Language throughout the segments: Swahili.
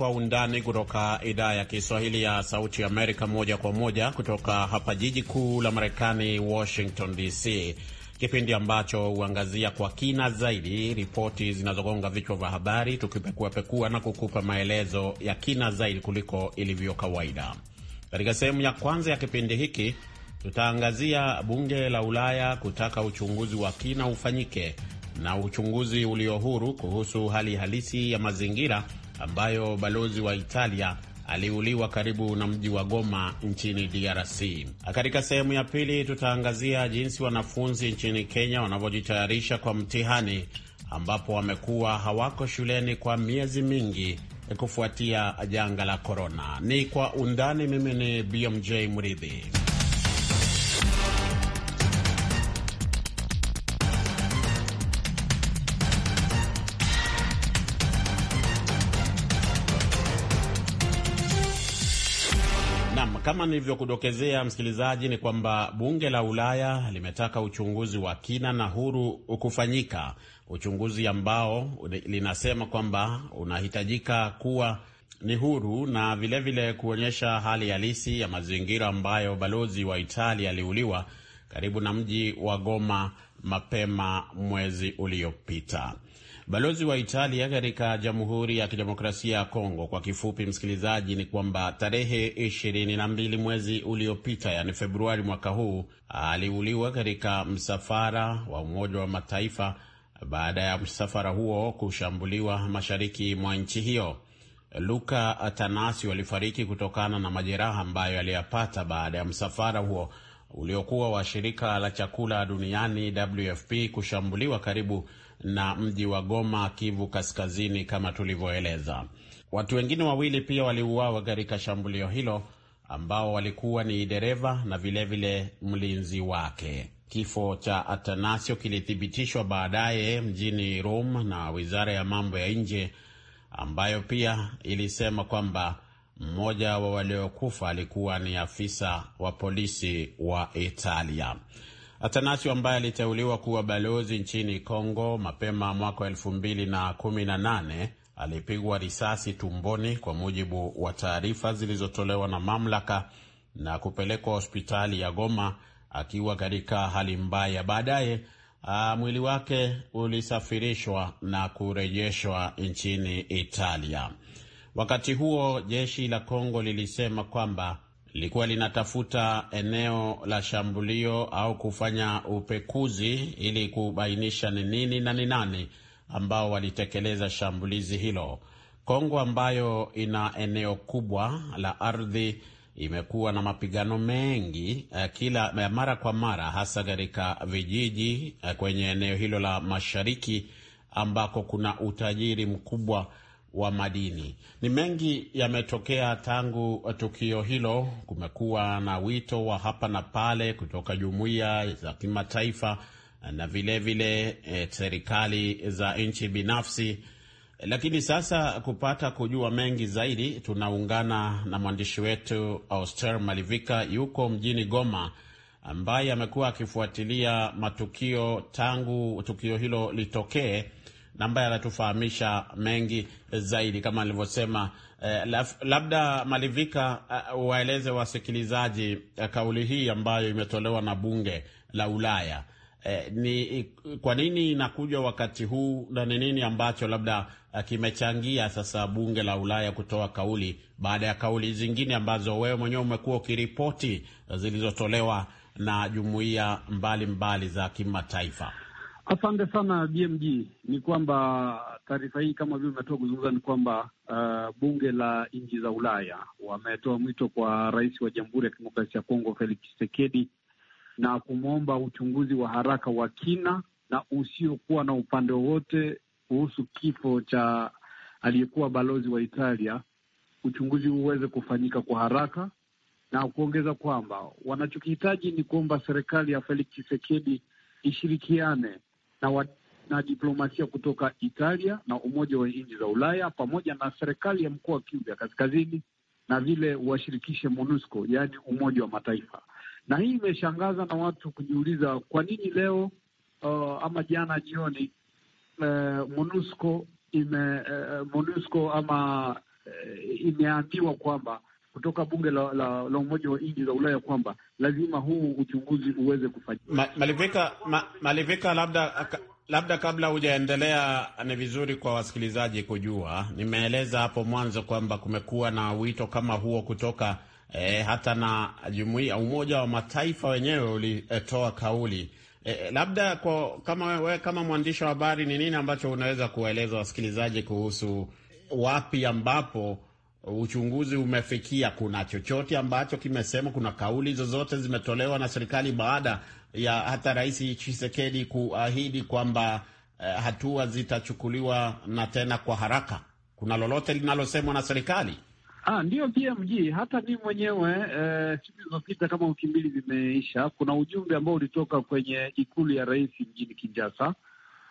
kwa undani kutoka idhaa ya Kiswahili ya Sauti Amerika, moja kwa moja kutoka hapa jiji kuu la Marekani, Washington DC, kipindi ambacho huangazia kwa kina zaidi ripoti zinazogonga vichwa vya habari, tukipekuapekua na kukupa maelezo ya kina zaidi kuliko ilivyo kawaida. Katika sehemu ya kwanza ya kipindi hiki tutaangazia bunge la Ulaya kutaka uchunguzi wa kina ufanyike na uchunguzi ulio huru kuhusu hali halisi ya mazingira ambayo balozi wa Italia aliuliwa karibu na mji wa Goma nchini DRC. Katika sehemu ya pili, tutaangazia jinsi wanafunzi nchini Kenya wanavyojitayarisha kwa mtihani ambapo wamekuwa hawako shuleni kwa miezi mingi kufuatia janga la korona. Ni kwa undani. Mimi ni BMJ Mridhi. Kama nilivyokudokezea msikilizaji, ni kwamba bunge la Ulaya limetaka uchunguzi wa kina na huru kufanyika, uchunguzi ambao linasema kwamba unahitajika kuwa ni huru na vilevile vile kuonyesha hali halisi ya mazingira ambayo balozi wa Italia aliuliwa karibu na mji wa Goma mapema mwezi uliopita. Balozi wa Italia katika Jamhuri ya Kidemokrasia ya Kongo, kwa kifupi msikilizaji, ni kwamba tarehe ishirini na mbili mwezi uliopita, yani Februari mwaka huu, aliuliwa katika msafara wa Umoja wa Mataifa baada ya msafara huo kushambuliwa mashariki mwa nchi hiyo. Luka tanasi alifariki kutokana na majeraha ambayo aliyapata baada ya msafara huo uliokuwa wa shirika la chakula duniani WFP kushambuliwa karibu na mji wa Goma, Kivu Kaskazini, kama tulivyoeleza. Watu wengine wawili pia waliuawa katika shambulio hilo ambao walikuwa ni dereva na vilevile vile mlinzi wake. Kifo cha Atanasio kilithibitishwa baadaye mjini Rome na wizara ya mambo ya nje ambayo pia ilisema kwamba mmoja wa waliokufa alikuwa ni afisa wa polisi wa Italia. Atanasio ambaye aliteuliwa kuwa balozi nchini Kongo mapema mwaka elfu mbili na kumi na nane alipigwa risasi tumboni, kwa mujibu wa taarifa zilizotolewa na mamlaka, na kupelekwa hospitali ya Goma akiwa katika hali mbaya. Baadaye ah, mwili wake ulisafirishwa na kurejeshwa nchini Italia. Wakati huo jeshi la Kongo lilisema kwamba lilikuwa linatafuta eneo la shambulio au kufanya upekuzi ili kubainisha ni nini na ni nani ambao walitekeleza shambulizi hilo. Kongo ambayo ina eneo kubwa la ardhi imekuwa na mapigano mengi eh, kila eh, mara kwa mara, hasa katika vijiji eh, kwenye eneo hilo la mashariki ambako kuna utajiri mkubwa wa madini. Ni mengi yametokea tangu tukio hilo. Kumekuwa na wito wa hapa na pale kutoka jumuiya za kimataifa na vilevile serikali vile, e, za nchi binafsi. Lakini sasa kupata kujua mengi zaidi, tunaungana na mwandishi wetu Auster Malivika, yuko mjini Goma, ambaye amekuwa akifuatilia matukio tangu tukio hilo litokee na ambaye anatufahamisha mengi zaidi kama alivyosema. Eh, labda Malivika, uh, waeleze wasikilizaji uh, kauli hii ambayo imetolewa na bunge la Ulaya eh, ni kwa nini inakuja wakati huu na ni nini ambacho labda uh, kimechangia sasa bunge la Ulaya kutoa kauli baada ya kauli zingine ambazo wewe mwenyewe umekuwa ukiripoti uh, zilizotolewa na jumuiya mbalimbali za kimataifa? Asante sana BMG. Ni kwamba taarifa hii kama vile umetoa kuzungumza, ni kwamba uh, bunge la nchi za Ulaya wametoa mwito kwa rais wa Jamhuri ya Kidemokrasia ya Kongo Felix Tshisekedi na kumwomba uchunguzi wa haraka wa kina na usiokuwa na upande wowote kuhusu kifo cha aliyekuwa balozi wa Italia. Uchunguzi uweze kufanyika kwa haraka na kuongeza kwamba wanachokihitaji ni kuomba serikali ya Felix Tshisekedi ishirikiane na diplomasia kutoka Italia na Umoja wa Nchi za Ulaya pamoja na serikali ya mkoa wa Kivu ya Kaskazini na vile washirikishe MONUSCO, yaani Umoja wa Mataifa. Na hii imeshangaza na watu kujiuliza kwa nini leo uh, ama jana jioni uh, MONUSCO ime uh, MONUSCO ama uh, imeambiwa kwamba kutoka bunge la, la, la Umoja wa nchi za Ulaya kwamba lazima huu uchunguzi uweze kufanyika. Ma, malivika, ma, malivika labda labda kabla hujaendelea, ni vizuri kwa wasikilizaji kujua, nimeeleza hapo mwanzo kwamba kumekuwa na wito kama huo kutoka e, hata na jumuiya Umoja wa Mataifa wenyewe ulitoa kauli e, labda kwa, kama wewe kama mwandishi wa habari, ni nini ambacho unaweza kuwaeleza wasikilizaji kuhusu wapi ambapo uchunguzi umefikia? Kuna chochote ambacho kimesema? Kuna kauli zozote zimetolewa na serikali baada ya hata Rais chisekedi kuahidi kwamba eh, hatua zitachukuliwa na tena kwa haraka? Kuna lolote linalosemwa na serikali? Ah, ndiyo PMG, hata mi mwenyewe eh, siku eh, zilizopita kama wiki mbili zimeisha, kuna ujumbe ambao ulitoka kwenye ikulu ya rais mjini Kinshasa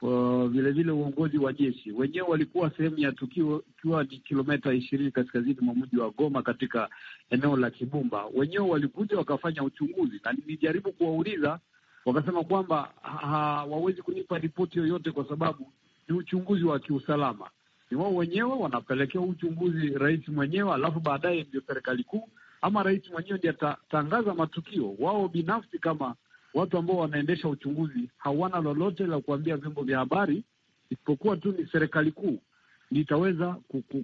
vilevile uh, uongozi wa jeshi wenyewe walikuwa sehemu ya tukio, ikiwa ni kilomita ishirini kaskazini mwa mji wa Goma katika eneo la Kibumba. Wenyewe walikuja wakafanya uchunguzi, na nilijaribu kuwauliza, wakasema kwamba hawawezi kunipa ripoti yoyote kwa sababu ni uchunguzi wa kiusalama, ni wao wenyewe wanapelekea uchunguzi rais mwenyewe, alafu baadaye ndio serikali kuu ama rais mwenyewe ndiye atatangaza matukio. Wao binafsi kama watu ambao wanaendesha uchunguzi hawana lolote la kuambia vyombo vya habari, isipokuwa tu ni serikali kuu itaweza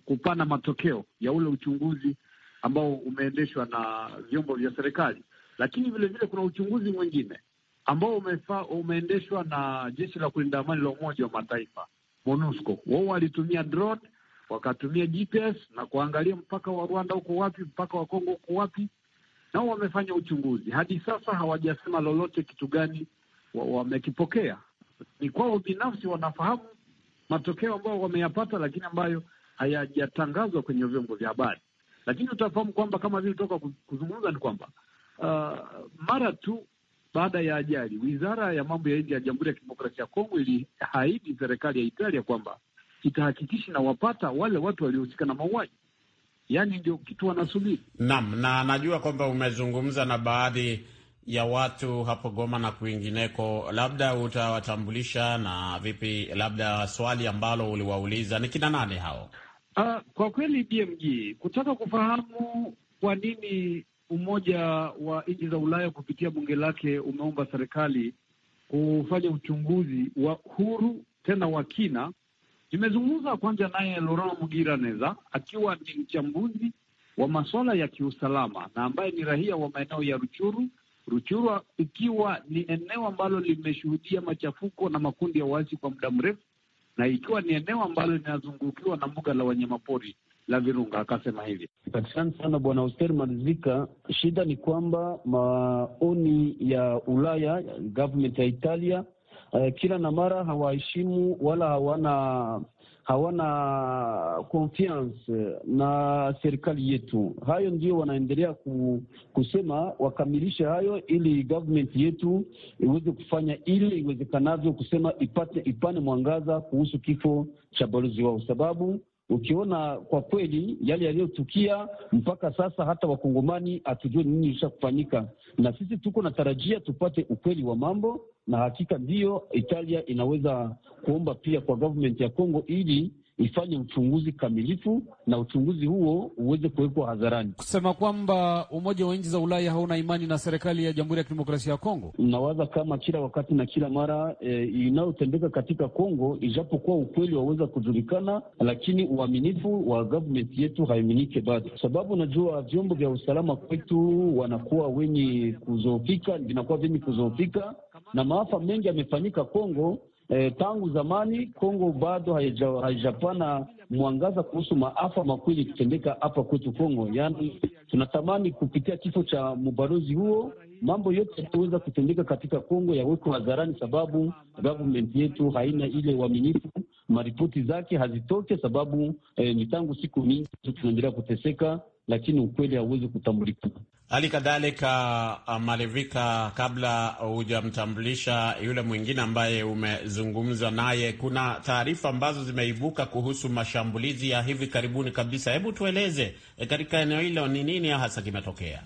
kupana matokeo ya ule uchunguzi ambao umeendeshwa na vyombo vya serikali. Lakini vile vile kuna uchunguzi mwingine ambao umefa, umeendeshwa na jeshi la kulinda amani la Umoja wa Mataifa MONUSCO. Wao walitumia drone, wakatumia GPS na kuangalia mpaka wa Rwanda uko wapi, mpaka wa Kongo uko wapi, nao wamefanya uchunguzi. Hadi sasa hawajasema lolote, kitu gani wamekipokea. Ni kwao binafsi, wanafahamu matokeo ambayo wameyapata, lakini ambayo hayajatangazwa kwenye vyombo vya habari. Lakini utafahamu kwamba kama vile toka kuzungumza ni kwamba uh, mara tu baada ya ajali, wizara ya mambo ya nje ya Jamhuri ya Kidemokrasia ya Kongo iliahidi serikali ya Italia kwamba itahakikisha inawapata wale watu waliohusika na mauaji yani ndio kitu wanasubiri. Naam, na najua kwamba umezungumza na baadhi ya watu hapo Goma na kwingineko, labda utawatambulisha na vipi, labda swali ambalo uliwauliza ni kina nane hao? Uh, kwa kweli BMG kutaka kufahamu kwa nini Umoja wa nchi za Ulaya kupitia bunge lake umeomba serikali kufanya uchunguzi wa huru tena wa kina Nimezungumza kwanza naye Laurent Neza, akiwa ni mchambuzi wa masuala ya kiusalama na ambaye ni raia wa maeneo ya Ruchuru. Ruchuru ikiwa ni eneo ambalo limeshuhudia machafuko na makundi ya waasi kwa muda mrefu, na ikiwa ni eneo ambalo linazungukiwa na mbuga la wanyamapori la Virunga. Akasema hivi: asante sana Bwana Oster Marzika. Shida ni kwamba maoni ya Ulaya, government ya Italia eh, kila na mara hawaheshimu wala hawana hawana confiance eh, na serikali yetu. Hayo ndio wanaendelea ku, kusema wakamilishe hayo, ili government yetu iweze kufanya ile iwezekanavyo, kusema ipate ipane mwangaza kuhusu kifo cha balozi wao, sababu ukiona kwa kweli yale yaliyotukia mpaka sasa, hata wakongomani hatujue nini ilisha kufanyika, na sisi tuko na tarajia tupate ukweli wa mambo na hakika ndiyo Italia inaweza kuomba pia kwa government ya Kongo ili ifanye uchunguzi kamilifu na uchunguzi huo uweze kuwekwa hadharani, kusema kwamba Umoja wa Nchi za Ulaya hauna imani na serikali ya Jamhuri ya Kidemokrasia ya Kongo. Nawaza kama kila wakati na kila mara e, inayotendeka katika Kongo, ijapokuwa ukweli waweza kujulikana, lakini uaminifu wa government yetu haiminike bado, sababu unajua vyombo vya usalama kwetu wanakuwa wenye kuzoofika, vinakuwa vyenye kuzoofika na maafa mengi yamefanyika Kongo. E, tangu zamani Kongo bado haijapana mwangaza kuhusu maafa makweli kutendeka hapa kwetu Kongo. Yaani tunatamani kupitia kifo cha mubalozi huo mambo yote yataweza kutendeka katika Kongo yawekwe hadharani, sababu government yetu haina ile uaminifu, maripoti zake hazitoke sababu e, ni tangu siku mingi tunaendelea kuteseka, lakini ukweli hauwezi kutambulika. Hali kadhalika uh, Malivika, kabla hujamtambulisha yule mwingine ambaye umezungumza naye, kuna taarifa ambazo zimeibuka kuhusu mashambulizi ya hivi karibuni kabisa. Hebu tueleze e, katika eneo hilo ni nini hasa kimetokea?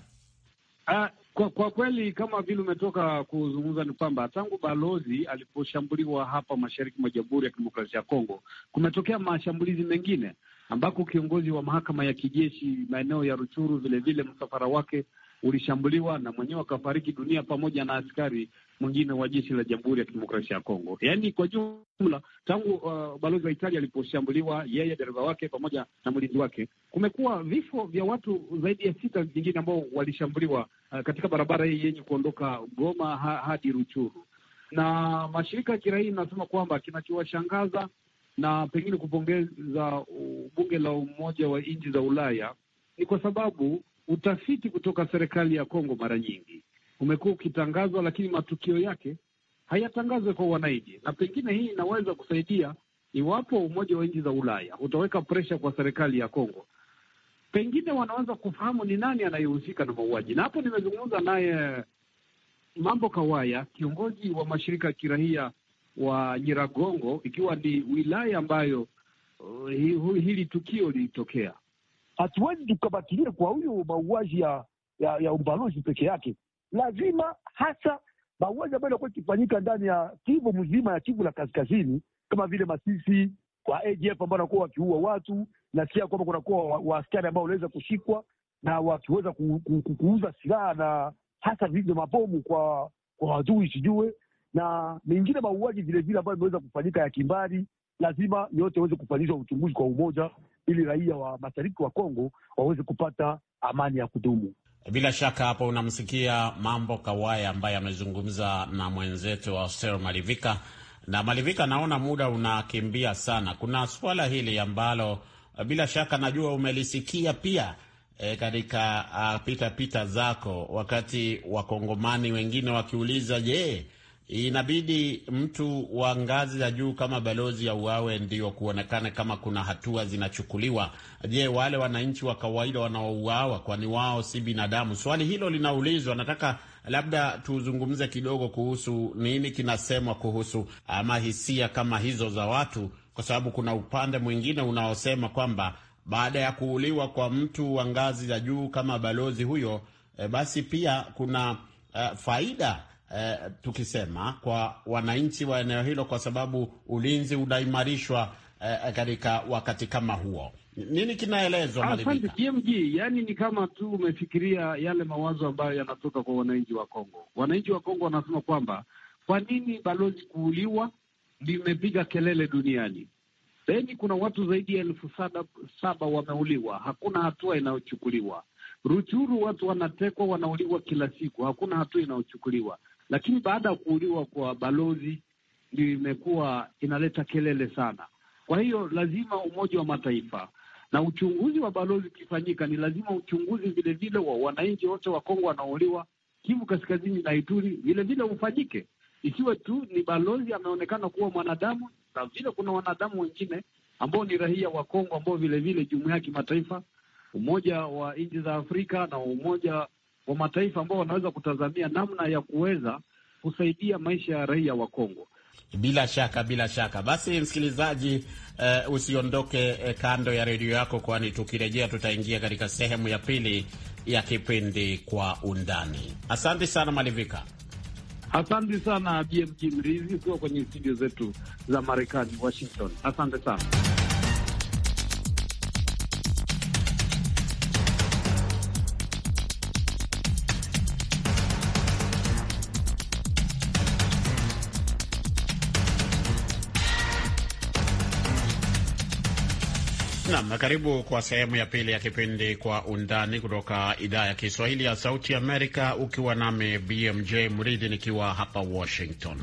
Ah, kwa, kwa kweli kama vile umetoka kuzungumza ni kwamba tangu balozi aliposhambuliwa hapa mashariki mwa Jamhuri ya Kidemokrasia ya Kongo kumetokea mashambulizi mengine ambako kiongozi wa mahakama ya kijeshi maeneo ya Ruchuru vilevile msafara wake ulishambuliwa na mwenyewe akafariki dunia pamoja na askari mwingine wa jeshi la Jamhuri ya Kidemokrasia ya Kongo. Yaani kwa jumla tangu uh, balozi wa Italia aliposhambuliwa yeye, dereva wake pamoja na mlinzi wake, kumekuwa vifo vya watu zaidi ya sita vingine ambao walishambuliwa uh, katika barabara hii yenye kuondoka Goma ha hadi Ruchuru na mashirika ya kiraia inasema kwamba kinachowashangaza na pengine kupongeza bunge la Umoja wa Nchi za Ulaya ni kwa sababu utafiti kutoka serikali ya Kongo mara nyingi umekuwa ukitangazwa, lakini matukio yake hayatangazwe kwa wananchi, na pengine hii inaweza kusaidia iwapo Umoja wa Nchi za Ulaya utaweka presha kwa serikali ya Kongo, pengine wanaweza kufahamu ni nani anayehusika na mauaji. Na hapo nimezungumza naye Mambo Kawaya, kiongozi wa mashirika ya kirahia wa Nyiragongo, ikiwa ni wilaya ambayo uh, hili tukio lilitokea. Hatuwezi tukabatilia kwa huyo mauaji ya, ya, ya ubalozi peke yake, lazima hasa mauaji ambayo inakuwa ikifanyika ndani ya Kivu mzima ya Kivu la kaskazini kama vile Masisi kwa AGF ambao wanakuwa wakiua watu, na sia kwamba kunakuwa waaskari ambao wanaweza kushikwa na wakiweza ku, ku, ku, kuuza silaha na hasa vile mabomu kwa kwa wadui sijue na mengine mauaji vilevile ambayo imeweza kufanyika ya kimbari. Lazima yote aweze kufanyishwa uchunguzi kwa umoja, ili raia wa mashariki wa Kongo waweze kupata amani ya kudumu. Bila shaka hapo unamsikia Mambo Kawaya ambaye amezungumza na mwenzetu wa Auster Malivika. Na Malivika, naona muda unakimbia sana. Kuna suala hili ambalo eh, bila shaka najua umelisikia pia e, katika pitapita ah, zako, wakati wakongomani wengine wakiuliza, je, inabidi mtu wa ngazi za juu kama balozi ya uawe ndio kuonekane kama kuna hatua zinachukuliwa. Je, wale wananchi wa kawaida wanaouawa, kwani wao si binadamu? Swali hilo linaulizwa. Nataka labda tuzungumze kidogo kuhusu nini kinasemwa kuhusu ama hisia kama hizo za watu, kwa sababu kuna upande mwingine unaosema kwamba baada ya kuuliwa kwa mtu wa ngazi za juu kama balozi huyo, e, basi pia kuna uh, faida eh, tukisema kwa wananchi wa eneo hilo, kwa sababu ulinzi unaimarishwa eh, katika wakati kama huo. Nini kinaelezwa Malivika? yani ni kama tu umefikiria yale mawazo ambayo yanatoka kwa wananchi wa Kongo. Wananchi wa Kongo wanasema kwamba kwa nini balozi kuuliwa limepiga kelele duniani. Beni kuna watu zaidi ya elfu saba, saba wameuliwa, hakuna hatua inayochukuliwa. Ruchuru watu wanatekwa wanauliwa kila siku, hakuna hatua inayochukuliwa. Lakini baada ya kuuliwa kwa balozi ndio imekuwa inaleta kelele sana. Kwa hiyo lazima Umoja wa Mataifa na uchunguzi wa balozi ukifanyika, ni lazima uchunguzi vilevile wa wananchi wote wa Kongo wanaouliwa Kivu Kaskazini na Ituri vilevile ufanyike, isiwe tu ni balozi ameonekana kuwa mwanadamu, na vile kuna wanadamu wengine ambao ni raia wa Kongo ambao vilevile jumuiya ya kimataifa, Umoja wa nchi za Afrika na Umoja wa mataifa ambao wanaweza kutazamia namna ya kuweza kusaidia maisha ya raia wa Kongo. Bila shaka, bila shaka. Basi msikilizaji, uh, usiondoke eh, kando ya redio yako, kwani tukirejea tutaingia katika sehemu ya pili ya kipindi Kwa Undani. Asante sana Malivika. Asante sana BMG Mrizi, ukiwa kwenye studio zetu za Marekani, Washington. Asante sana. na karibu kwa sehemu ya pili ya kipindi Kwa Undani kutoka idhaa ya Kiswahili ya Sauti Amerika, ukiwa nami BMJ Mridhi nikiwa hapa Washington.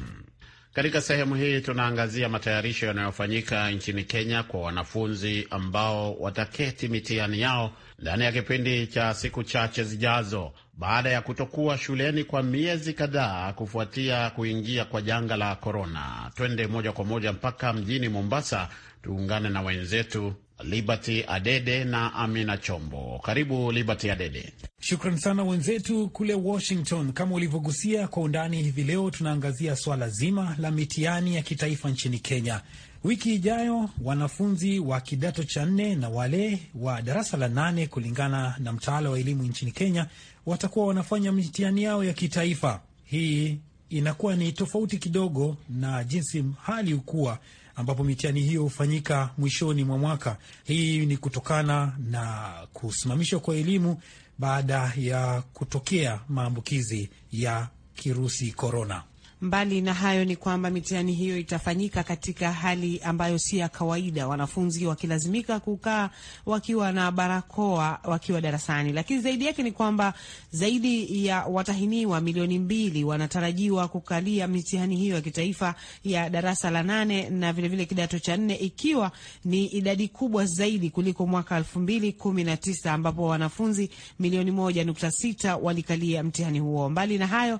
Katika sehemu hii tunaangazia matayarisho yanayofanyika nchini Kenya kwa wanafunzi ambao wataketi mitihani yao ndani ya kipindi cha siku chache zijazo baada ya kutokuwa shuleni kwa miezi kadhaa kufuatia kuingia kwa janga la korona. Twende moja kwa moja mpaka mjini Mombasa, tuungane na wenzetu Liberty Adede na Amina Chombo. Karibu Liberty Adede. Shukran sana wenzetu kule Washington. Kama ulivyogusia kwa undani hivi leo, tunaangazia swala zima la mitihani ya kitaifa nchini Kenya. Wiki ijayo wanafunzi wa kidato cha nne na wale wa darasa la nane kulingana na mtaala wa elimu nchini Kenya watakuwa wanafanya mitihani yao ya kitaifa. Hii inakuwa ni tofauti kidogo na jinsi hali hukuwa ambapo mitihani hiyo hufanyika mwishoni mwa mwaka. Hii ni kutokana na kusimamishwa kwa elimu baada ya kutokea maambukizi ya kirusi korona. Mbali na hayo ni kwamba mitihani hiyo itafanyika katika hali ambayo si ya kawaida, wanafunzi wakilazimika kukaa wakiwa na barakoa wakiwa darasani. Lakini zaidi yake ni kwamba zaidi ya watahiniwa milioni mbili wanatarajiwa kukalia mitihani hiyo ya kitaifa ya darasa la nane na vilevile kidato cha nne, ikiwa ni idadi kubwa zaidi kuliko mwaka elfu mbili kumi na tisa ambapo wanafunzi milioni moja nukta sita walikalia mtihani huo. Mbali na hayo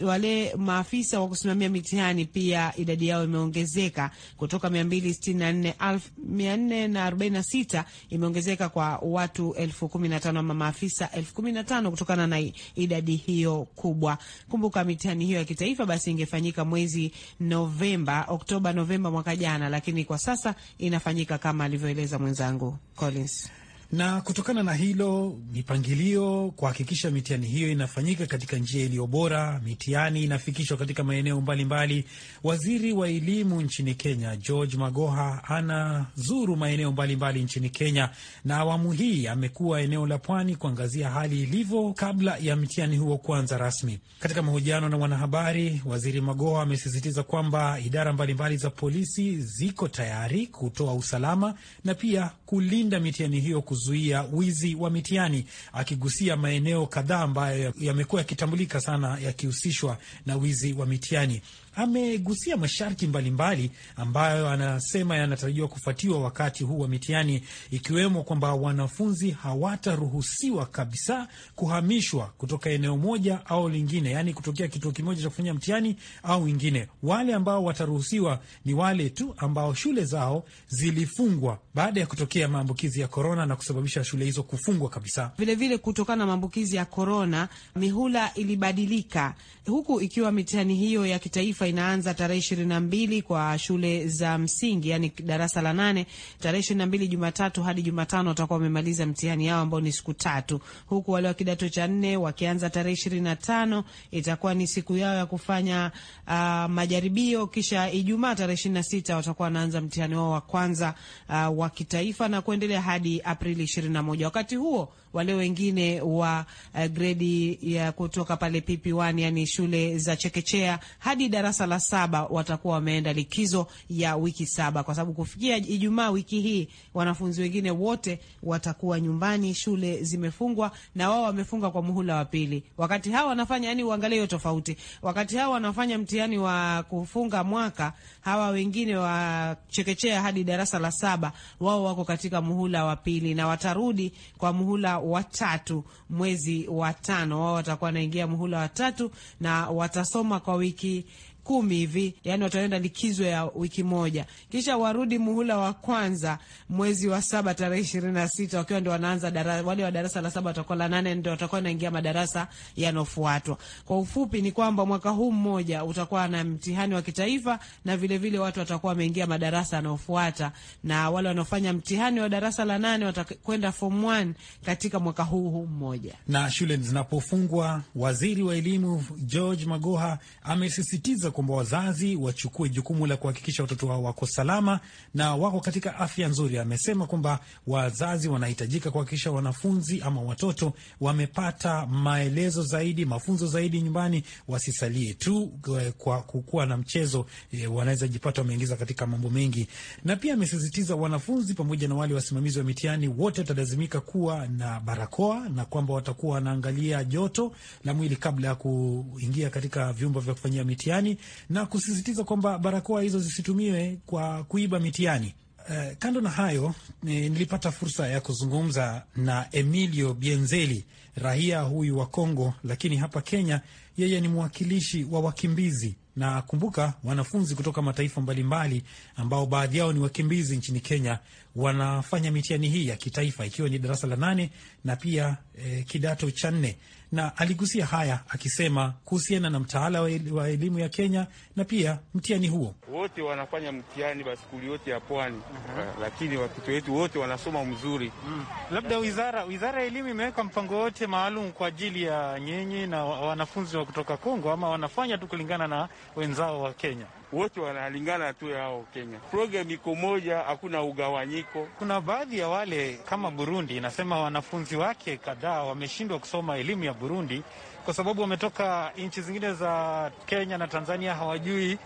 wale maafisa wa kusimamia mitihani pia idadi yao imeongezeka kutoka 264,446 imeongezeka kwa watu 15,000 ama maafisa 15,000 kutokana na idadi hiyo kubwa. Kumbuka mitihani hiyo ya kitaifa basi ingefanyika mwezi Novemba, Oktoba, Novemba mwaka jana, lakini kwa sasa inafanyika kama alivyoeleza mwenzangu Collins na kutokana na hilo, mipangilio kuhakikisha mitihani hiyo inafanyika katika njia iliyo bora, mitihani inafikishwa katika maeneo mbalimbali. Waziri wa elimu nchini Kenya George Magoha anazuru maeneo mbalimbali nchini Kenya, na awamu hii amekuwa eneo la pwani kuangazia hali ilivyo kabla ya mtihani huo kuanza rasmi. Katika mahojiano na wanahabari, waziri Magoha amesisitiza kwamba idara mbalimbali za polisi ziko tayari kutoa usalama na pia kulinda mitihani hiyo kuzuru kuzuia wizi wa mitihani, akigusia maeneo kadhaa ambayo yamekuwa yakitambulika sana yakihusishwa na wizi wa mitihani amegusia masharti mbalimbali ambayo anasema yanatarajiwa kufuatiwa wakati huu wa mitihani, ikiwemo kwamba wanafunzi hawataruhusiwa kabisa kuhamishwa kutoka eneo moja au lingine, yaani kutokea kituo kimoja cha kufanya mtihani au wingine Wale ambao wataruhusiwa ni wale tu ambao shule zao zilifungwa baada ya kutokea maambukizi ya korona na kusababisha shule hizo kufungwa kabisa. Vilevile, kutokana na maambukizi ya korona, mihula ilibadilika, huku ikiwa mitihani hiyo ya kitaifa kitaifa inaanza tarehe ishirini na mbili kwa shule za msingi, yani darasa la nane, tarehe ishirini na mbili Jumatatu hadi Jumatano watakuwa wamemaliza mtihani yao ambao ni siku tatu, huku wale wa kidato cha nne wakianza tarehe ishirini na tano itakuwa ni siku yao ya kufanya uh, majaribio, kisha Ijumaa tarehe ishirini na sita watakuwa wanaanza mtihani wao wa kwanza uh, wa kitaifa na kuendelea hadi Aprili ishirini na moja. Wakati huo wale wengine wa uh, gredi ya kutoka pale PP1 yani shule za chekechea hadi darasa darasa la saba watakuwa wameenda likizo ya wiki saba, kwa sababu kufikia Ijumaa wiki hii wanafunzi wengine wote watakuwa nyumbani, shule zimefungwa na wao wamefunga kwa muhula wa pili. Wakati hao wanafanya yani, uangalie hiyo tofauti, wakati hao wanafanya mtihani wa kufunga mwaka hawa wengine wa chekechea hadi darasa la saba wao wako katika muhula wa pili na watarudi kwa muhula wa tatu mwezi wa tano. Wao watakuwa wanaingia muhula wa tatu na watasoma kwa wiki kumi hivi, yani wataenda likizo ya wiki moja, kisha warudi muhula wa kwanza mwezi wa saba tarehe ishirini na sita wakiwa ndio wanaanza darasa. Wale wa darasa la saba watakuwa la nane ndio watakuwa wanaingia madarasa yanaofuatwa. Kwa ufupi ni kwamba mwaka huu mmoja utakuwa na mtihani wa kitaifa na vile vile vile watu watakuwa wameingia madarasa yanayofuata, na wale wanaofanya mtihani wa darasa la nane watakwenda form 1 katika mwaka huu huu mmoja. Na shule zinapofungwa, waziri wa elimu George Magoha amesisitiza kwamba wazazi wachukue jukumu la kuhakikisha watoto wao wako salama na wako katika afya nzuri. Amesema kwamba wazazi wanahitajika kuhakikisha wanafunzi ama watoto wamepata maelezo zaidi, mafunzo zaidi nyumbani, wasisalie tu eh, kwa kukuwa na mchezo e, wameweza jipata wameingiza katika mambo mengi, na pia amesisitiza wanafunzi pamoja na wale wasimamizi wa mitihani wote watalazimika kuwa na barakoa na kwamba watakuwa wanaangalia joto la mwili kabla ya kuingia katika vyumba vya kufanyia mitihani na kusisitiza kwamba barakoa hizo zisitumiwe kwa kuiba mitihani. Uh, kando na hayo eh, nilipata fursa ya kuzungumza na Emilio Bienzeli, raia huyu wa Kongo, lakini hapa Kenya yeye ni mwakilishi wa wakimbizi na kumbuka, wanafunzi kutoka mataifa mbalimbali ambao baadhi yao ni wakimbizi nchini Kenya wanafanya mitihani hii ya kitaifa, ikiwa ni darasa la nane na pia eh, kidato cha nne na aligusia haya akisema kuhusiana na mtaala wa elimu ya Kenya na pia mtihani huo. Wote wanafanya mtihani baskuli yote ya pwani uh mhm. eh, -huh. Lakini watoto wetu wote wanasoma mzuri mm. Labda wizara wizara ya elimu imeweka mpango wote maalum kwa ajili ya nyinyi na wanafunzi wa kutoka Kongo, ama wanafanya tu kulingana na wenzao wa Kenya? wote wanalingana tu yao Kenya. Program iko moja, hakuna ugawanyiko. Kuna baadhi ya wale kama Burundi inasema wanafunzi wake kadhaa wameshindwa kusoma elimu ya Burundi kwa sababu wametoka nchi zingine za Kenya na Tanzania, hawajui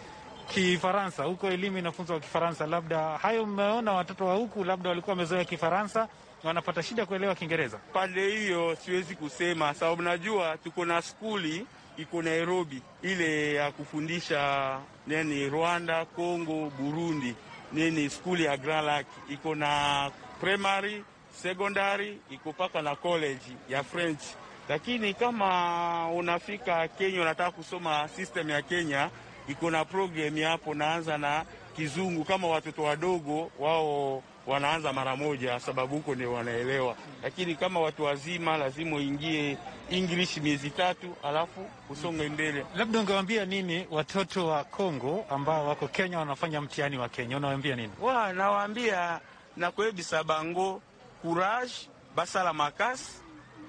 Kifaransa. Huko elimu inafunzwa Kifaransa, labda hayo mmeona watoto wa huku labda walikuwa wamezoea Kifaransa wanapata shida kuelewa Kiingereza. Pande hiyo siwezi kusema sababu najua tuko na skuli iko Nairobi, ile ya kufundisha nini Rwanda, Congo, Burundi, nini skuli ya Grand Lac iko na primary, secondary, iko paka na college ya French. Lakini kama unafika Kenya, unataka kusoma system ya Kenya, iko na program hapo, naanza na Kizungu kama watoto wadogo wao wanaanza mara moja, sababu huko ndio wanaelewa. Lakini kama watu wazima lazima uingie English miezi tatu, alafu usonge mbele. Labda ungewaambia nini watoto wa Kongo ambao wako Kenya wanafanya mtihani wa Kenya, unawaambia nini? Wa nawaambia na kwebisabango courage basala makasi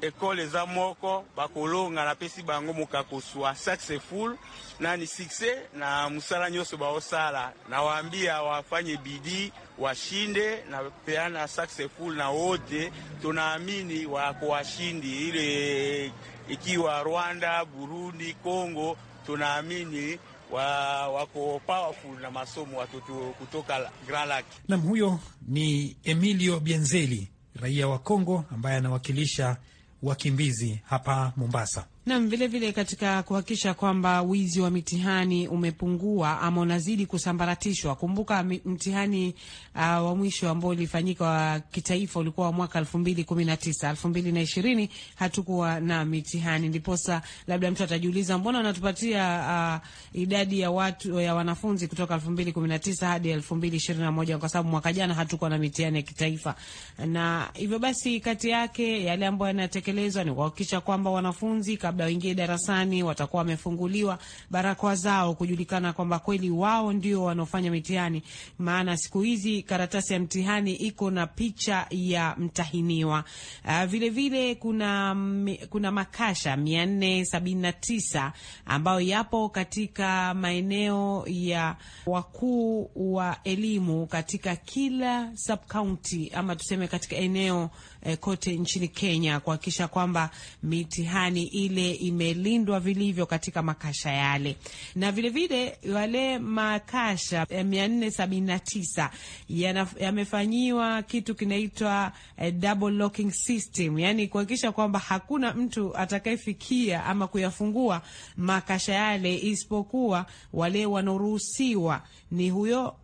ekole eza moko bakolonga na pesi bango mokakozwa successful nani succès na musala nyonso baosala na wambia wafanye bidii washinde na peana successful na wote tunaamini wakowashindi ile ikiwa Rwanda, Burundi, Congo tunaamini wa, wako powerful na masomo watoto kutoka Grand Lac. Nam, huyo ni Emilio Bienzeli raia wa Kongo ambaye anawakilisha wakimbizi hapa Mombasa. Nam, vilevile katika kuhakikisha kwamba wizi wa mitihani umepungua ama unazidi kusambaratishwa. Kumbuka mtihani uh, wa mwisho ambao ulifanyika wa kitaifa ulikuwa mwaka elfu mbili kumi na tisa elfu mbili na ishirini hatukuwa na mitihani, ndiposa labda mtu atajiuliza mbona wanatupatia uh, ah, idadi ya watu ya wanafunzi kutoka elfu mbili kumi na tisa hadi elfu mbili ishirini na moja kwa sababu mwaka jana hatukuwa na mitihani ya kitaifa. Na hivyo basi, kati yake yale ambayo yanatekelezwa ni kuhakikisha kwamba wanafunzi labda waingie darasani, watakuwa wamefunguliwa barakoa zao, kujulikana kwamba kweli wao ndio wanaofanya mitihani. Maana siku hizi karatasi ya mtihani iko na picha ya mtahiniwa. Uh, vile vile kuna, kuna makasha mia nne sabini na tisa ambayo yapo katika maeneo ya wakuu wa elimu katika kila sub county ama tuseme katika eneo eh, kote nchini Kenya kuhakikisha kwamba mitihani ile imelindwa vilivyo katika makasha yale, na vilevile wale makasha eh, 479 yamefanyiwa kitu kinaitwa eh, double locking system, yani kuhakikisha kwamba hakuna mtu atakayefikia ama kuyafungua makasha yale isipokuwa wale wanaoruhusiwa, ni huyo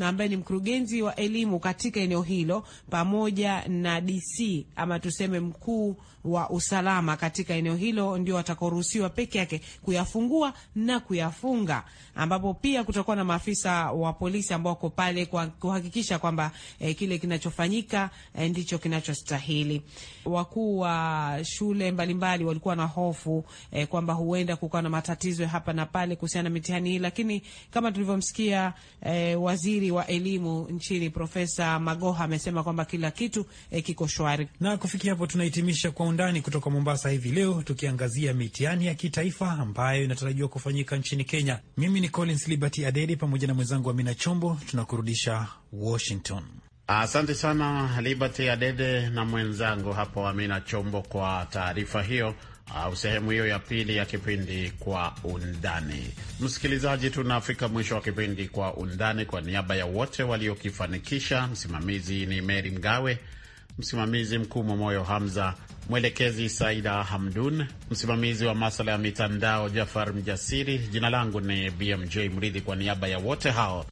ambaye ni mkurugenzi wa elimu katika eneo hilo pamoja na DC ama tuseme mkuu wa usalama katika eneo hilo ndio watakaoruhusiwa peke yake kuyafungua na kuyafunga, ambapo pia kutakuwa na maafisa wa polisi ambao wako pale kwa kuhakikisha kwamba eh, kile kinachofanyika eh, ndicho kinachostahili. Wakuu wa shule mbalimbali mbali walikuwa na hofu eh, kwamba huenda kukawa na matatizo hapa na pale kuhusiana na mitihani hii, lakini kama tulivyomsikia eh, waziri wa elimu nchini Profesa Magoha amesema kwamba kila kitu eh, kiko shwari. Na kufikia hapo tunahitimisha Kwa Undani kutoka Mombasa hivi leo, tukiangazia mitihani ya kitaifa ambayo inatarajiwa kufanyika nchini Kenya. Mimi ni Collins Liberty Adede pamoja na mwenzangu Amina Chombo, tunakurudisha Washington. Asante sana Liberty Adede na mwenzangu hapo Amina Chombo kwa taarifa hiyo au sehemu hiyo ya pili ya kipindi Kwa Undani. Msikilizaji, tunafika mwisho wa kipindi Kwa Undani. Kwa niaba ya wote waliokifanikisha, msimamizi ni Meri Mgawe, msimamizi mkuu Momoyo Hamza, mwelekezi Saida Hamdun, msimamizi wa masala ya mitandao Jafar Mjasiri. Jina langu ni BMJ Mridhi, kwa niaba ya wote hao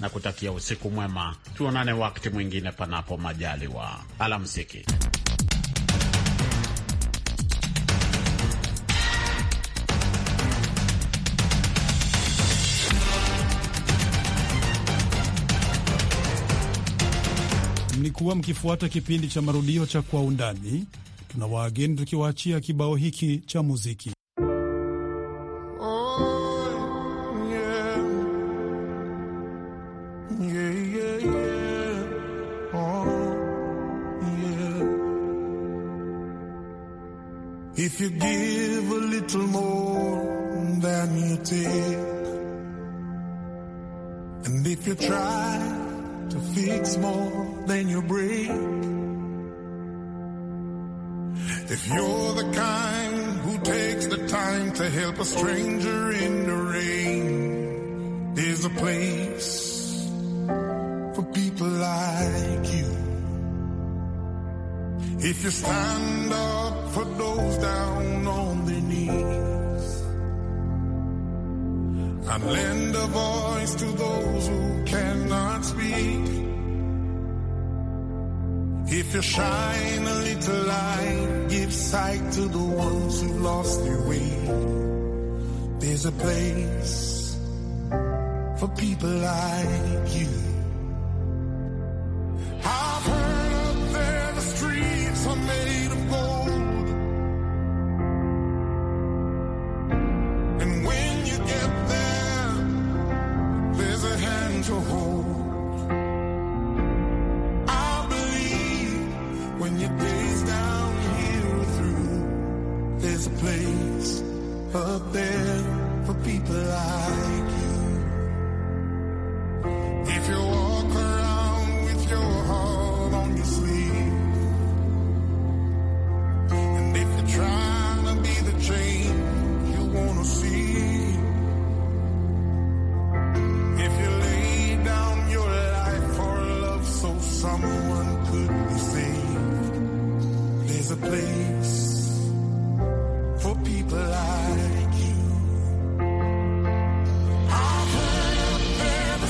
na kutakia usiku mwema, tuonane wakati mwingine, panapo majaliwa. Alamsiki. mlikuwa mkifuata kipindi cha marudio cha Kwa Undani. Tuna waageni tukiwaachia kibao hiki cha muziki. If you give a little more than you take, and if you try to fix more then you break. If you're the kind who takes the time to help a stranger in the rain, there's a place for people like you. If you stand up for those down on their knees and lend a voice to those who cannot speak. If you shine a little light, give sight to the ones who lost their way. There's a place for people like you.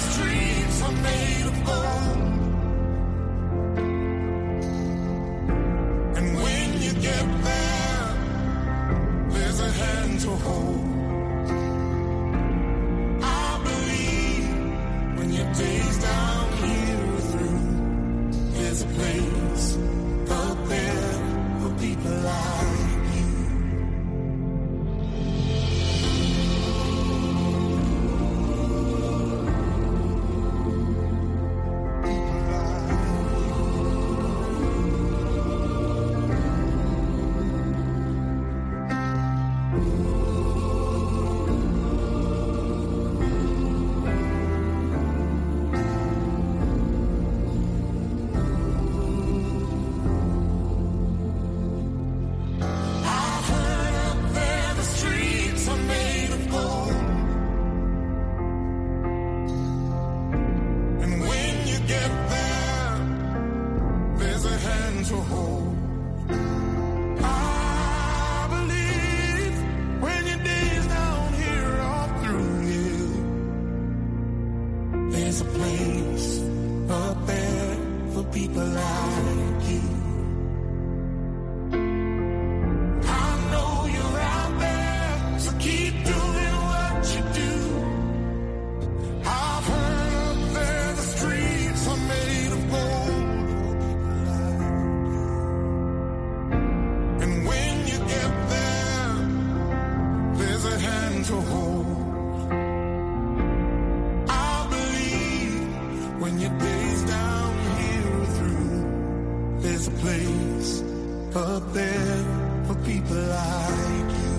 dreams are made of gold. place up there for people like you.